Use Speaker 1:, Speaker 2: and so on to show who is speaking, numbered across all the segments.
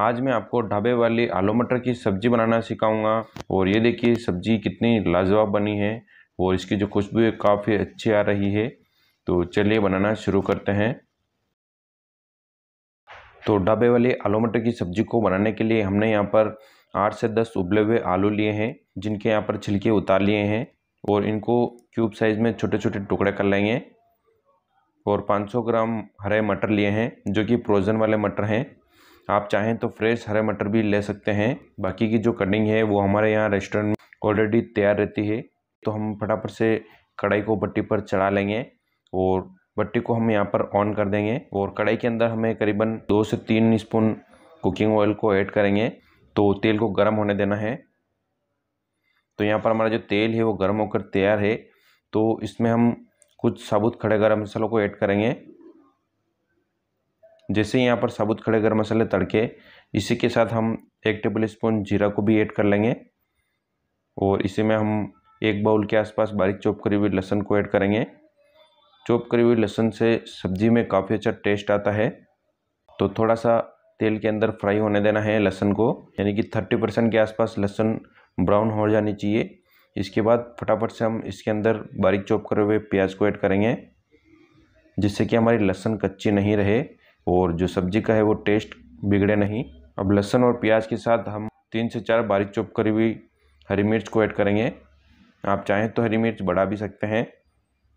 Speaker 1: आज मैं आपको ढाबे वाली आलू मटर की सब्ज़ी बनाना सिखाऊंगा और ये देखिए सब्ज़ी कितनी लाजवाब बनी है और इसकी जो खुशबू है काफ़ी अच्छी आ रही है तो चलिए बनाना शुरू करते हैं तो ढाबे वाली आलू मटर की सब्ज़ी को बनाने के लिए हमने यहाँ पर आठ से दस उबले हुए आलू लिए हैं जिनके यहाँ पर छिलके उतार लिए हैं और इनको क्यूब साइज़ में छोटे छोटे टुकड़े कर लेंगे और 500 ग्राम हरे मटर लिए हैं जो कि प्रोजन वाले मटर हैं आप चाहें तो फ्रेश हरे मटर भी ले सकते हैं बाकी की जो कटिंग है वो हमारे यहाँ रेस्टोरेंट में ऑलरेडी तैयार रहती है तो हम फटाफट से कढ़ाई को बट्टी पर चढ़ा लेंगे और बट्टी को हम यहाँ पर ऑन कर देंगे और कढ़ाई के अंदर हमें करीबन दो से तीन स्पून कुकिंग ऑयल को ऐड करेंगे तो तेल को गर्म होने देना है तो यहाँ पर हमारा जो तेल है वो गर्म होकर तैयार है तो इसमें हम कुछ साबुत खड़े गर्म मसालों को ऐड करेंगे जैसे यहाँ पर साबुत खड़े गर्म मसाले तड़के इसी के साथ हम एक टेबल स्पून जीरा को भी ऐड कर लेंगे और इसी में हम एक बाउल के आसपास बारीक चॉप करी हुई लहसुन को ऐड करेंगे चॉप करी हुई लहसुन से सब्जी में काफ़ी अच्छा टेस्ट आता है तो थोड़ा सा तेल के अंदर फ्राई होने देना है लहसुन को यानी कि थर्टी परसेंट के आसपास लहसुन ब्राउन हो जानी चाहिए इसके बाद फटाफट से हम इसके अंदर बारीक चॉप करे हुए प्याज को ऐड करेंगे जिससे कि हमारी लहसुन कच्ची नहीं रहे और जो सब्जी का है वो टेस्ट बिगड़े नहीं अब लहसुन और प्याज के साथ हम तीन से चार बारीक चौप करी हुई हरी मिर्च को ऐड करेंगे आप चाहें तो हरी मिर्च बढ़ा भी सकते हैं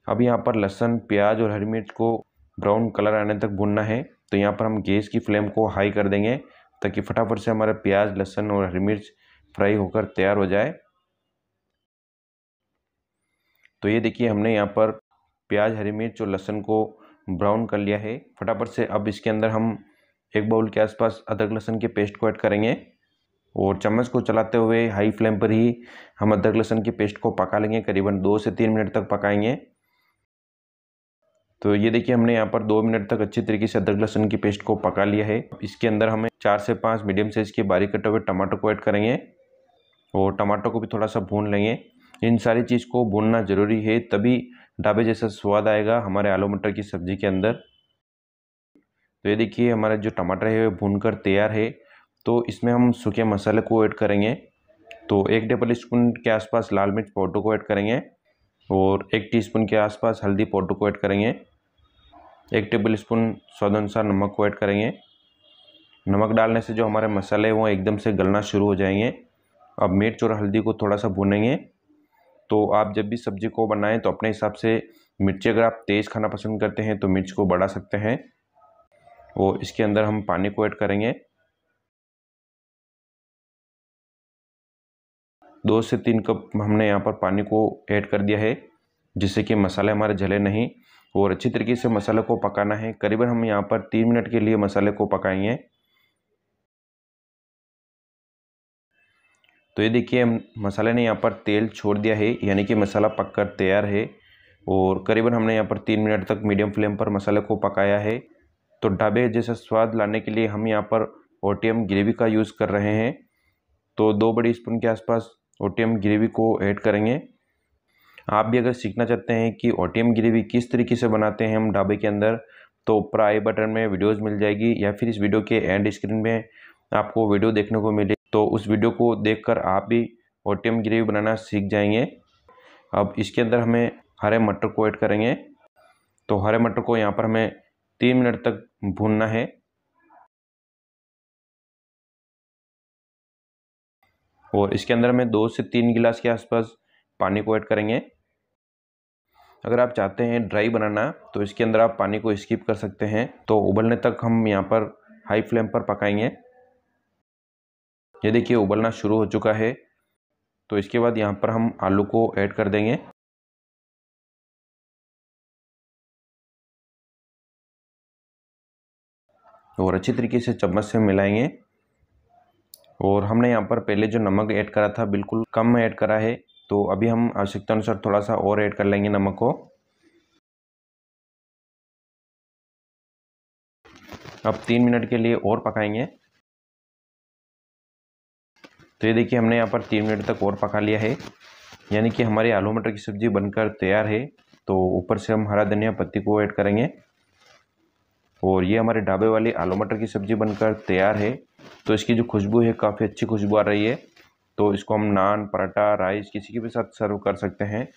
Speaker 1: अब यहाँ पर लहसुन प्याज और हरी मिर्च को ब्राउन कलर आने तक भुनना है तो यहाँ पर हम गैस की फ्लेम को हाई कर देंगे ताकि फटाफट से हमारा प्याज लहसुन और हरी मिर्च फ्राई होकर तैयार हो जाए तो ये देखिए हमने यहाँ पर प्याज हरी मिर्च और लहसुन को ब्राउन कर लिया है फटाफट से अब इसके अंदर हम एक बाउल के आसपास अदरक लहसुन के पेस्ट को ऐड करेंगे और चम्मच को चलाते हुए हाई फ्लेम पर ही हम अदरक लहसुन के पेस्ट को पका लेंगे करीबन दो से तीन मिनट तक पकाएंगे तो ये देखिए हमने यहाँ पर दो मिनट तक अच्छी तरीके से अदरक लहसुन की पेस्ट को पका लिया है इसके अंदर हमें चार से पाँच मीडियम साइज़ के बारीक कटे हुए टमाटर को ऐड करेंगे और टमाटर को भी थोड़ा सा भून लेंगे इन सारी चीज़ को भूनना ज़रूरी है तभी ढाबे जैसा स्वाद आएगा हमारे आलू मटर की सब्ज़ी के अंदर तो ये देखिए हमारा जो टमाटर है भून कर तैयार है तो इसमें हम सूखे मसाले को ऐड करेंगे तो एक टेबल स्पून के आसपास लाल मिर्च पाउडर को ऐड करेंगे और एक टीस्पून के आसपास हल्दी पाउडर को ऐड करेंगे एक टेबल स्पून स्वाद अनुसार नमक को ऐड करेंगे नमक डालने से जो हमारे मसाले हैं वो एकदम से गलना शुरू हो जाएंगे अब मिर्च और हल्दी को थोड़ा सा भुनेंगे तो आप जब भी सब्जी को बनाएं तो अपने हिसाब से मिर्ची अगर आप तेज़ खाना पसंद करते हैं तो मिर्च को बढ़ा सकते हैं और इसके अंदर हम पानी को ऐड करेंगे
Speaker 2: दो से तीन कप
Speaker 1: हमने यहाँ पर पानी को ऐड कर दिया है जिससे कि मसाले हमारे जले नहीं और अच्छी तरीके से मसाले को पकाना है करीबन हम यहाँ पर तीन मिनट के लिए मसाले को पकाएंगे तो ये देखिए मसाले ने यहाँ पर तेल छोड़ दिया है यानी कि मसाला पककर तैयार है और करीबन हमने यहाँ पर तीन मिनट तक मीडियम फ्लेम पर मसाले को पकाया है तो ढाबे जैसा स्वाद लाने के लिए हम यहाँ पर ओ ग्रेवी का यूज़ कर रहे हैं तो दो बड़ी स्पून के आसपास ओ ग्रेवी को ऐड करेंगे आप भी अगर सीखना चाहते हैं कि ओ ग्रेवी किस तरीके से बनाते हैं हम ढाबे के अंदर तो ऊपर आई बटन में वीडियोस मिल जाएगी या फिर इस वीडियो के एंड स्क्रीन में आपको वीडियो देखने को मिले तो उस वीडियो को देखकर आप भी ओटीएम ग्रेवी बनाना सीख जाएंगे अब इसके अंदर हमें हरे मटर को ऐड करेंगे तो हरे मटर को यहाँ पर हमें तीन मिनट तक भूनना है
Speaker 2: और इसके अंदर हमें दो से तीन गिलास के आसपास
Speaker 1: पानी को ऐड करेंगे अगर आप चाहते हैं ड्राई बनाना तो इसके अंदर आप पानी को स्किप कर सकते हैं तो उबलने तक हम यहाँ पर हाई फ्लेम पर पकाएंगे ये देखिए उबलना शुरू हो चुका है तो इसके बाद यहाँ पर
Speaker 2: हम आलू को ऐड कर देंगे
Speaker 1: और अच्छी तरीके से चम्मच से मिलाएंगे और हमने यहाँ पर पहले जो नमक ऐड करा था बिल्कुल कम ऐड करा है तो अभी हम आवश्यकता अनुसार थोड़ा सा और ऐड कर लेंगे नमक को
Speaker 2: अब तीन मिनट के लिए और पकाएंगे
Speaker 1: तो ये देखिए हमने यहाँ पर तीन मिनट तक और पका लिया है यानी कि हमारी आलू मटर की सब्ज़ी बनकर तैयार है तो ऊपर से हम हरा धनिया पत्ती को ऐड करेंगे और ये हमारे ढाबे वाली आलू मटर की सब्ज़ी बनकर तैयार है तो इसकी जो खुशबू है काफ़ी अच्छी खुशबू आ रही है तो इसको हम नान पराठा राइस किसी के
Speaker 2: भी साथ सर्व कर सकते हैं